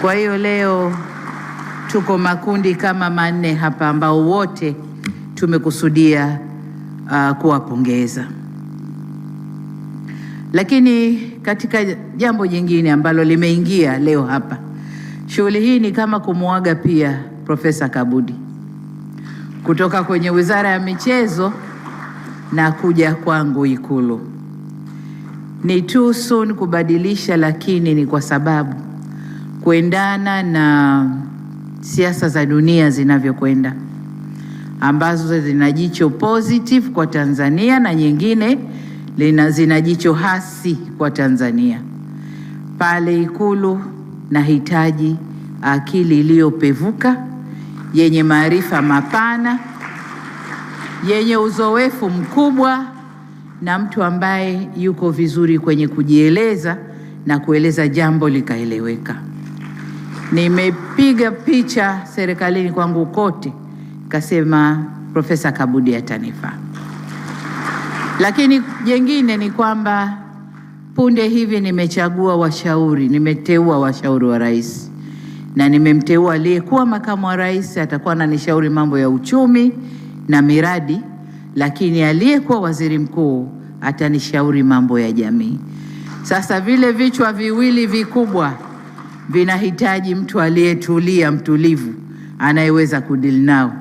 Kwa hiyo leo tuko makundi kama manne hapa ambao wote tumekusudia uh, kuwapongeza. Lakini katika jambo jingine ambalo limeingia leo hapa, shughuli hii ni kama kumuaga pia Profesa Kabudi kutoka kwenye Wizara ya Michezo na kuja kwangu Ikulu. Ni too soon kubadilisha, lakini ni kwa sababu kuendana na siasa za dunia zinavyokwenda ambazo zina jicho positive kwa Tanzania na nyingine zina jicho hasi kwa Tanzania. Pale Ikulu nahitaji akili iliyopevuka yenye maarifa mapana yenye uzoefu mkubwa na mtu ambaye yuko vizuri kwenye kujieleza na kueleza jambo likaeleweka. Nimepiga picha serikalini kwangu kote, kasema Profesa Kabudi atanifaa. Lakini jengine ni kwamba punde hivi nimechagua washauri, nimeteua washauri wa rais na nimemteua aliyekuwa makamu wa rais, atakuwa ananishauri mambo ya uchumi na miradi, lakini aliyekuwa waziri mkuu atanishauri mambo ya jamii. Sasa vile vichwa viwili vikubwa vinahitaji mtu aliyetulia, mtulivu, anayeweza kudili nao.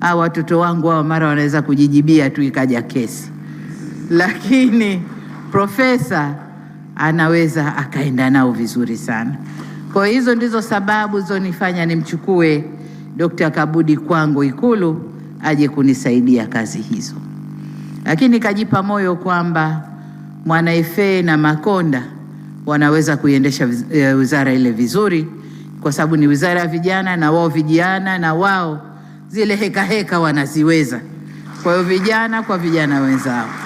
au watoto wangu hawa mara wanaweza kujijibia tu ikaja kesi, lakini profesa anaweza akaenda nao vizuri sana. Kwa hiyo hizo ndizo sababu zonifanya nimchukue Dkt. Kabudi kwangu Ikulu aje kunisaidia kazi hizo, lakini kajipa moyo kwamba Mwanaefe na Makonda wanaweza kuiendesha eh, wizara ile vizuri, kwa sababu ni wizara ya vijana, na wao vijana na wao zile hekaheka heka wanaziweza. Kwa hiyo vijana kwa vijana wenzao.